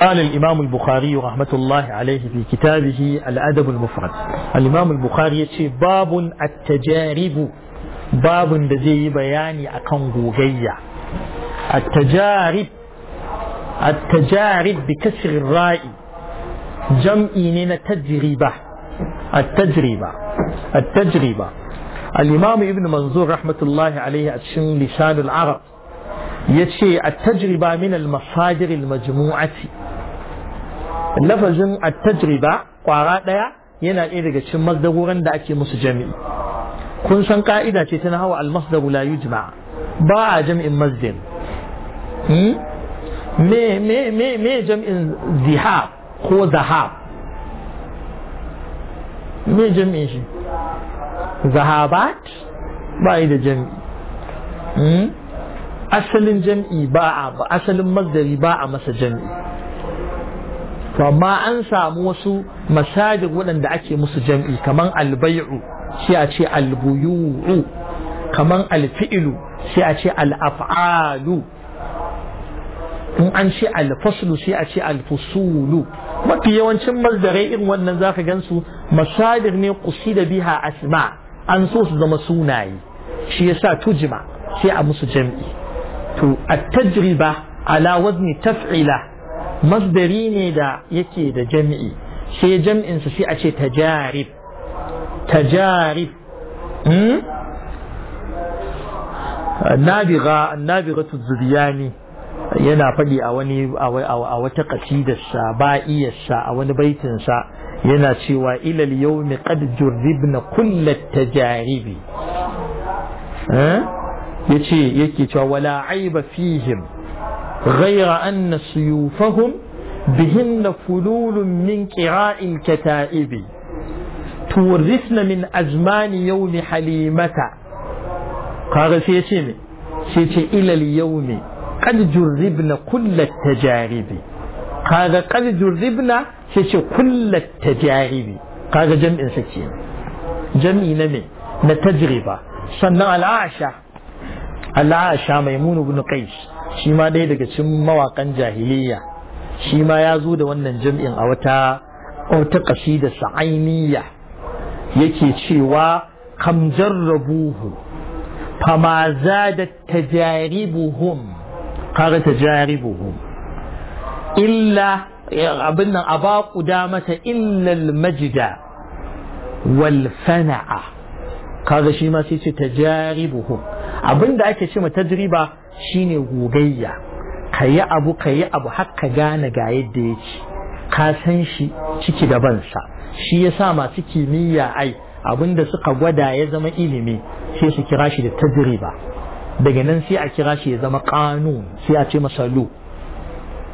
قال الإمام البخاري رحمة الله عليه في كتابه الأدب المفرد الإمام البخاري يتشي باب التجارب باب دزي بياني أكن غوغية التجارب التجارب بكسر الراء جمعين تجربة التجربة التجربة الإمام ابن منظور رحمة الله عليه أتشن لسان العرب yace a tajriba min al-masadir al-majmu'ati lafazin a tajriba kwara daya yana ɗaya daga cikin masdaruran da ake musu jami'i kun san ka'ida ce ta hawa al-masdaru la yujma ba a jami'in masdar hmm? me me me me jam'in zihab ko zahab me jam'in shi zahabat ba yi da jami'i. Hmm? asalin jam'i ba a asalin masdari ba a masa jam'i to amma an samu wasu masajid waɗanda ake musu jam'i kaman albai'u sai a ce albuyu'u kaman alfi'ilu sai a ce al'af'alu in an ce alfaslu sai a ce alfusulu mafi yawancin masdarai irin wannan zaka gansu masadir ne da biha asma an so su zama sunaye shi yasa tujima sai a musu jam'i to a tajriba ala wazni taf'ila masdari ne da yake da jami'i sai jami'in su sai a ce tajarib tajarib hmm nabiga nabigatu zuriyani yana faɗi a wani a wata ƙasidarsa ba'iyarsa a wani baitinsa yana cewa ilal yawmi qad jurribna kullat tajaribi eh yace yake cewa wala aiba fihim ghayra anna suyufahum بهن فلول من قراء الكتائب تورثن من أزمان يوم حليمة قال سيشيمي سيشي إلى اليوم قد جربنا كل التجارب قال قد جربنا سيشي كل التجارب قال جمع سيشيمي جمع نمي نتجربة صنع الأعشى al'asha maimun ibn qais shi ma ɗaya daga cikin mawakan jahiliya shi ma ya zo da wannan jam'in a wata wata kasida sa'aimiyya yake cewa kam jarrabuhu fama zadat tajaribuhum kaga tajaribuhum illa abin nan aba mata illa al-majda wal fana'a kaga shi ma sai ce tajaribuhum abin da ake ce ma tajriba shine gogayya ka yi abu ka yi abu har ka gane ga yadda yake ka san shi ciki da bansa shi yasa masu kimiyya ai abin da suka gwada ya zama ilimi sai su kira shi da tajriba daga nan sai a kira shi ya zama kanun sai a ce masa lu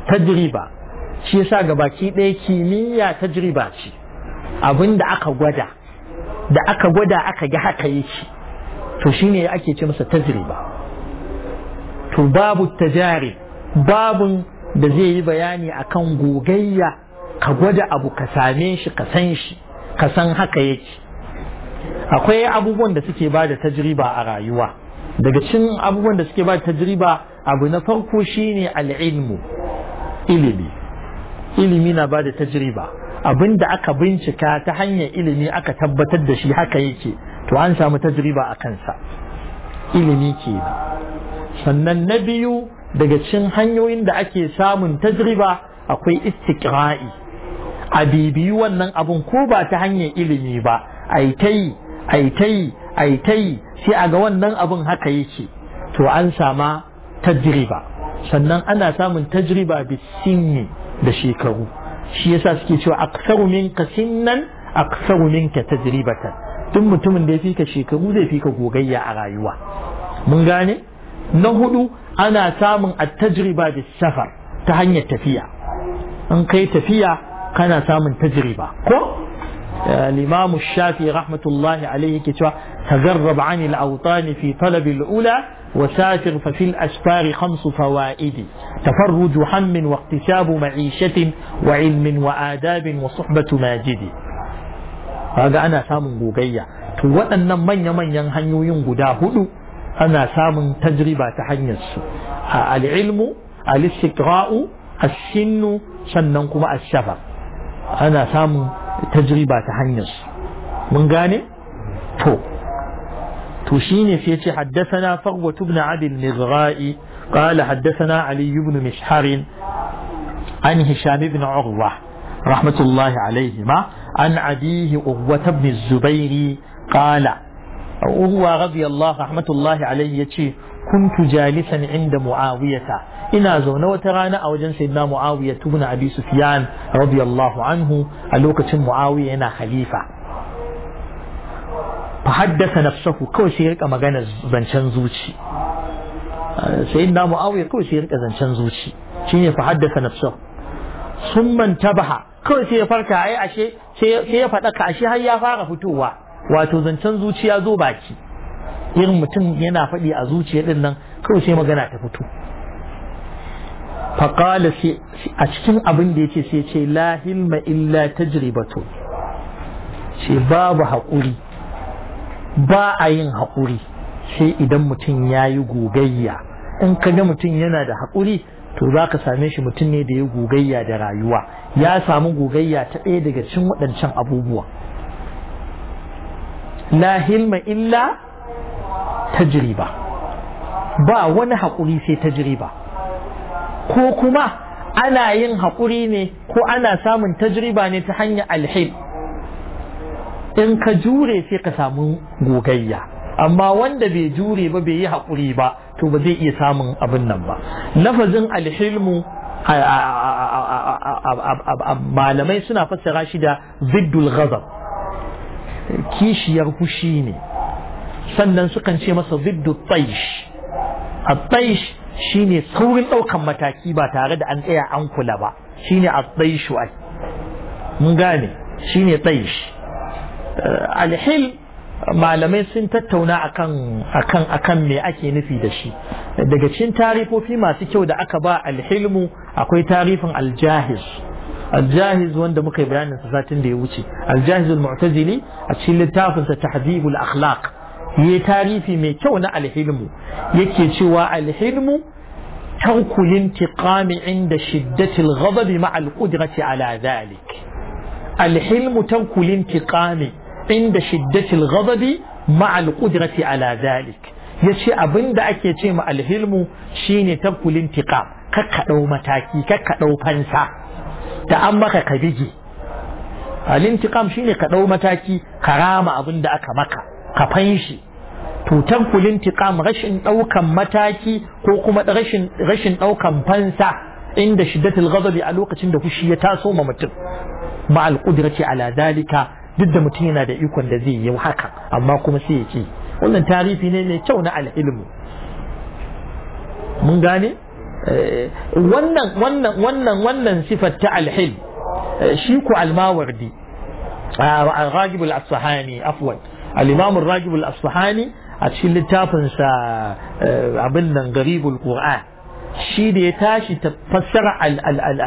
tajriba shi yasa gabaki ɗaya kimiyya tajriba ce abin da aka gwada da aka gwada aka ga haka yake to shi ne ake ce masa tajriba to babu tajari babun da zai yi bayani akan gogayya ka gwada abu ka same shi ka san shi ka san haka yake akwai abubuwan da suke ba da tajriba a rayuwa daga cikin abubuwan da suke ba da tajriba abu na farko shine al'ilmu ilimi ilimi na ba da tajriba abin da aka bincika ta hanyar ilimi aka tabbatar da shi haka yake to an samu tajriba a kansa ilimi ke sannan na biyu daga cin hanyoyin da ake samun tajriba akwai istiqra'i a bibiyu wannan abun ko ba ta hanyar ilimi ba aitai aitai aitai sai a ga wannan abun haka yake to an sama tajriba sannan ana samun tajriba bisinni da shekaru shi yasa suke cewa aksaru kasinnan Aksaruminka aksaru ka tajribatan tun mutumin da ya fika shekaru zai fika gogayya a rayuwa mun gane na hudu ana samun at-tajriba da safar ta hanyar tafiya in kai tafiya kana samun tajriba ko الإمام الشافعي رحمة الله عليه كتوى تجرب عن الأوطان في طلب الأولى وسافر ففي الأسفار خمس فوائد تفرج هم واقتساب معيشة وعلم وآداب وصحبة ماجد kaga ana samun gogayya to waɗannan manya-manyan hanyoyin guda hudu ana samun tajriba ta hanyar su al-ilmu sinnu sannan kuma ashafa shafa ana samun tajriba ta hanyar su mun gane to to shine sai ce haddasana farwa ibn abi al haddasana قال حدثنا علي بن مشحر عن هشام بن عروه rahmatullahi alaihima an abihi uwwata ibn zubairi qala uwa radiyallahu rahmatullahi alaihi yace kuntu jalisan inda muawiyata ina zaune wata rana a wajen sayyidina muawiya ibn abi sufyan radiyallahu anhu a lokacin muawiya yana khalifa fa haddasa nafsahu kawai sai rika magana zancen zuci sayyidina muawiya kawai sai rika zancen zuci shine fa haddasa nafsahu summan baha. kawai sai ya farka ai ashe sai ya faɗa ka ashe har ya fara fitowa wato zancen zuciya zo baki irin mutum yana faɗi a zuciya din nan kawai sai magana ta fito faƙala a cikin abin da ya ce sai ce la hilma illa tajribatu ce babu haƙuri ba a yin haƙuri sai idan mutum ya yi gogayya in ka ga mutum yana da haƙuri to za ka same shi mutum ne da ya gogayya da rayuwa ya samu gogayya ta ɗaya daga cikin waɗancan abubuwa la hilma illa tajriba ba wani haƙuri sai tajriba ko kuma ana yin haƙuri ne ko ana samun tajriba ne ta hanyar alhil in ka jure sai ka samu gogayya amma wanda bai jure ba bai yi haƙuri ba to ba zai iya samun abin nan ba lafazin alhilmu malamai suna fassara shi da ziddul ghazab kishiyar fushi ne sannan sukan ce masa ziddul taish a taish shine saurin ɗaukan mataki ba tare da an tsaya an kula ba shine a taishu mun gane shine taish alhil malamai sun tattauna akan akan akan me ake nufi da shi daga cikin tarifofi masu kyau da aka ba alhilmu akwai tarifin aljahiz aljahiz wanda muka yi bayanin sa satin da ya wuce aljahiz almu'tazili a cikin littafin sa tahdhibul akhlaq yayi tarifi mai kyau na alhilmu yake cewa alhilmu ترك الانتقام عند شدة الغضب مع القدرة على ذلك الحلم ترك الانتقام inda shiddatil ghadabi ma'al qudrati ala zalik yace abinda ake ce ma alhilmu shine tabkul intiqam kakka mataki kakka dau fansa da an maka ka bige al shine ka dau mataki rama abinda aka maka ka fanshi to tabkul intiqam rashin daukan mataki ko kuma rashin ɗaukan fansa inda shiddatil ghadabi a lokacin da fushi ya taso ma mutum ma'al qudrati ala zalika duk da mutum yana da ikon da zai yi haka amma kuma sai ya ce. wannan tarihi ne mai kyau na al'ilmu mun gane eh, wannan wannan wannan wannan sifar ta alhil eh, shi ku almawardi الراجب الأصفهاني عفوا الإمام الراجب الأصفهاني أتشيل التابن سا أبنا غريب القرآن shi da ya tashi ta fassara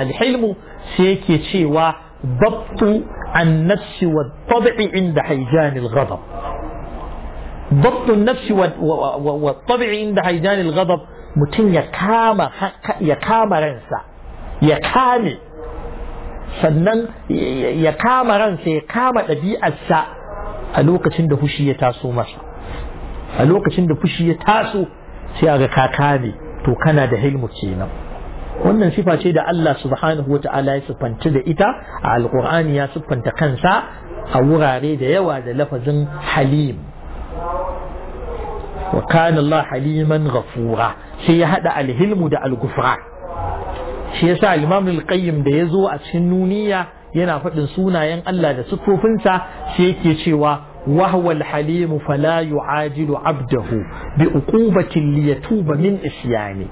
alhilmu sai yake cewa babtu النفس والطبع عند هيجان الغضب ضبط النفس والطبع عند هيجان الغضب mutum ya kama ya kama ransa ya kame sannan ya kama ransa ya kama ɗabi'arsa a lokacin da fushi ya taso masa a lokacin da fushi ya taso sai a ga ka kame to kana da hilmu kenan wannan sifa ce da Allah subhanahu wa ta'ala ya siffanta da ita a alqur'ani ya siffanta kansa a wurare da yawa da lafazin halim wa kana Allah haliman ghafura sai ya hada alhilmu da algufra shi yasa Imam al-Qayyim da yazo a cikin nuniya yana faɗin sunayen Allah da siffofinsa sai yake cewa وهو الحليم فلا يعاجل عبده بعقوبة ليتوب من إسيانه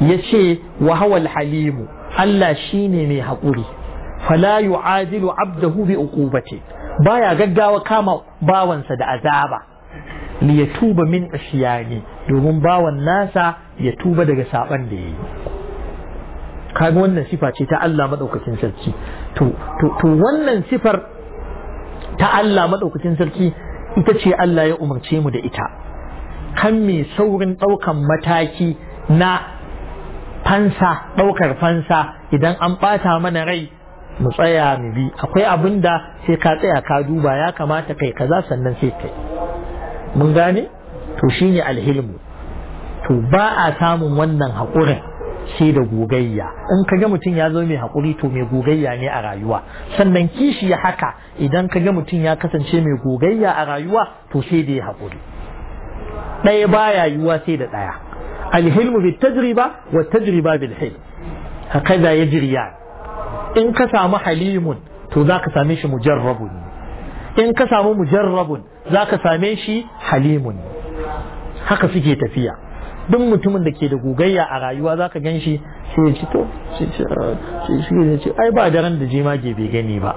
ya ce wa hawal halimu Allah shine mai haƙuri fala yu'adilu abdahu bi uqubati baya gaggawa kama bawansa da azaba li yatuba min ashiyani domin bawan nasa ya tuba daga saban da yayi kaga wannan sifa ce ta Allah madaukakin sarki to to wannan sifar ta Allah madaukakin sarki ita ce Allah ya umarce mu da ita kan mai saurin ɗaukan mataki na fansa ɗaukar fansa idan an ɓata mana rai mu tsaya mu bi akwai abin da sai ka tsaya ka duba ya kamata kai kaza sannan sai kai mun gane to shine alhilmu to ba a samun wannan haƙurin sai da gogayya in ka ga mutum ya zo mai haƙuri to mai gogayya ne a rayuwa sannan kishi ya haka idan ka ga mutum ya kasance mai gogayya a rayuwa to sai da ya haƙuri ɗaya baya yiwuwa sai da ɗaya alhilmu bil tajriba wa tajriba bil hilm ya jirya? in ka samu halimun to zaka same shi mujarrabun in ka samu mujarrabun zaka same shi halimun haka suke tafiya duk mutumin da ke da gogayya a rayuwa zaka gan shi sai ya ci to sai ya ce ai ba daren da jemage bai gani ba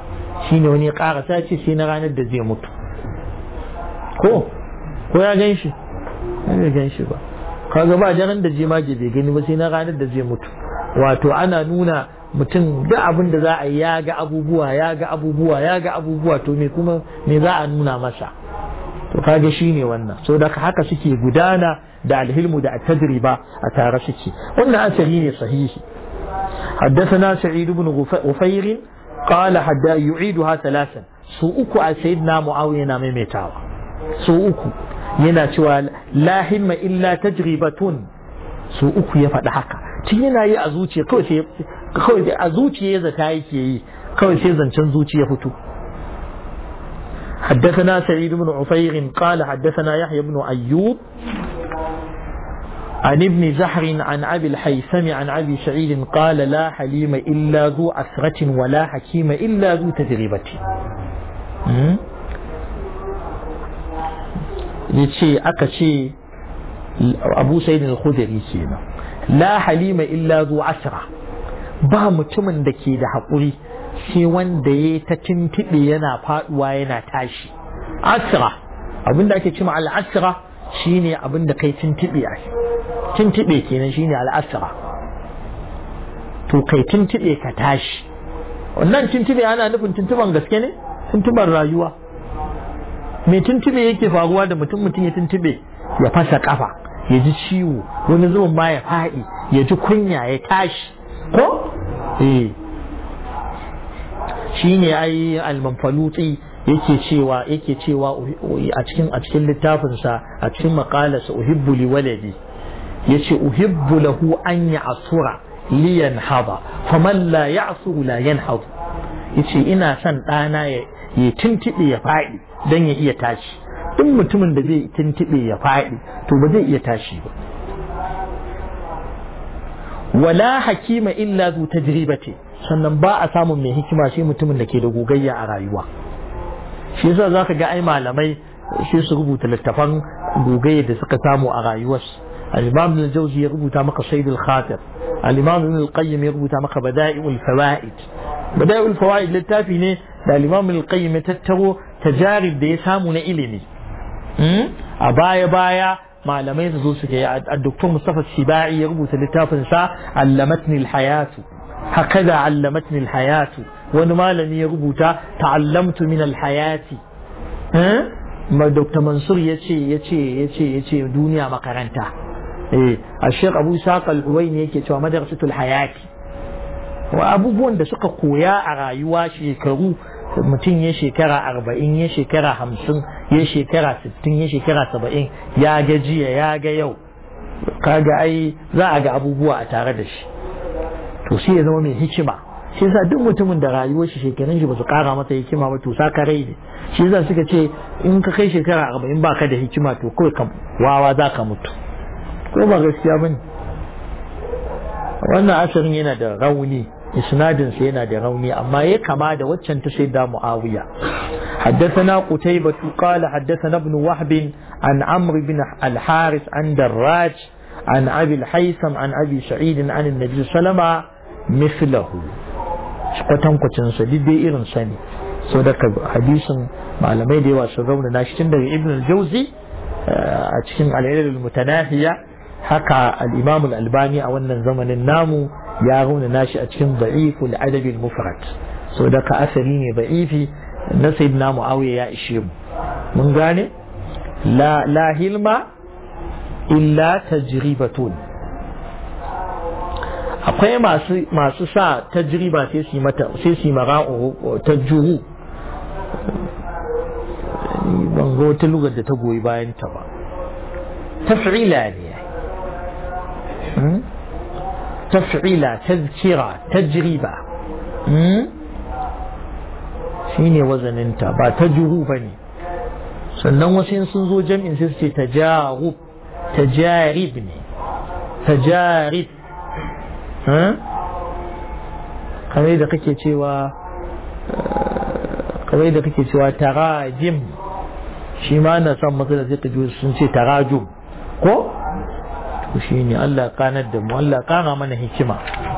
shine wani ya karasa ce sai na ranar da zai mutu ko ya gan shi ya gan ba kaga ba daren da jemage bai gani ba sai na ranar da zai mutu wato ana nuna mutum da abin da za a yi ya ga abubuwa ya ga abubuwa ya ga abubuwa to me kuma me za a nuna masa to kaga shine wannan so da haka suke gudana da alhilmu da tajriba a tare suke wannan asali ne sahihi حدثنا سعيد بن غفير قال حدا يعيدها ثلاثا سوء أكو سيدنا معاوية نامي maimaitawa سوء أكو yana cewa la himma illa tajribatun su uku ya faɗi haka tun yana yi a zuciya kawai sai a zuciya zata yake yi kawai sai zancen zuciya fito حدثنا سعيد بن عفير قال حدثنا يحيى بن أيوب عن ابن زحر عن أبي الحيثم عن أبي سعيد قال لا حليم إلا ذو أسرة ولا حكيم إلا ذو تجربة ya ce aka ce abu sai al ce kenan la halima illa zu asra ba mutumin da ke da haƙuri sai wanda ya ta tintiɓe yana faɗuwa yana tashi asra da ake cima al'asra shine abinda kai tintiɓe a tintiɓe kenan shine al'asra to kai tintiɓe ka tashi wannan tintiɓe ana nufin tintiɓen gaske ne tintiɓen rayuwa mai tuntube yake faruwa da mutum mutum ya tuntube ya fasa kafa ya ji ciwo wani zubin ma ya faɗi ya ji kunya ya tashi ko eh ne ai al yake cewa yake cewa a cikin a cikin littafin a cikin maqalar uhibbu li waladi yace uhibbu lahu an ya'sura li yanhada faman la ya'suru la yace ina son ɗana ya tuntuɓe ya faɗi don ya iya tashi in mutumin da zai tuntuɓe ya faɗi to ba zai iya tashi ba wala hakima illa zu tajribati sannan ba a samun mai hikima sai mutumin da ke da gogayya a rayuwa shi yasa zaka ga ai malamai shi su rubuta littafan gogayya da suka samu a rayuwarsu al-imam al jawzi ya rubuta maka sayyidul khatib al-imam al-qayyim ya rubuta maka bada'iul fawaid bada'ul fawaid littafi ne da al-imam al-qayyim ya tattaro tajarib da ya samu na ilimi a baya baya malamai su zo suka yi al-doktor Mustafa Sibai ya rubuta littafin sa allamatni al-hayatu hakaza allamatni al-hayatu wani malami ya rubuta ta'allamtu min al-hayati Dr. Mansur ya ce ya ce ya ce ya ce duniya makaranta eh a Sheikh Abu Saqal Huwaini yake cewa madrasatul hayati wa abubuwan da suka koya a rayuwa shekaru mutum ya shekara arba'in ya shekara hamsin ya shekara sittin ya shekara saba'in ya ga jiya ya ga yau kaga ai za a ga abubuwa a tare da shi to shi ya zama mai hikima shi yasa duk mutumin da rayuwar shi shekarun shi ba su kara masa hikima ba to saka rai ne shi yasa suka ce in ka kai shekara arba'in ka da hikima to kawai ka wawa za ka mutu ko ba gaskiya bane wannan asirin yana da rauni isnadin yana da rauni amma ya kama da waccan ta sai da muawiya haddathana qutayba qala haddathana ibn wahb an amr bin Alharis haris an darraj an abi al an abi sa'id an annabi sallama mislahu kwatankwacin sa duk dai irin sa ne so daga hadisin malamai da yawa sun rauna na shi daga ibn al-jawzi eh, a cikin al-ilal mutanahiya haka al-imam albani a wannan zamanin namu ya rauna nashi a cikin da'iful adabil mufrad so da ka asali ne ba'ifi na sayyidina muawiya ya ishe mu mun gane la la hilma illa tajribatun akwai masu masu sa tajriba sai su mata sai su mara'u tajuhu ban ga wata lugar da ta goyi bayan ta ba taf'ila ne hmm? taf'ila tazkira tajriba shine wazaninta ba tajru bane sannan wasu sun zo jam'in sai su ce tajarub tajarib ne tajarib kamar da kake cewa kamar da kake cewa tarajim shi ma na son masu da zai sun ce tarajum ko shi ne Allah kanar da mu Allah kara mana hikima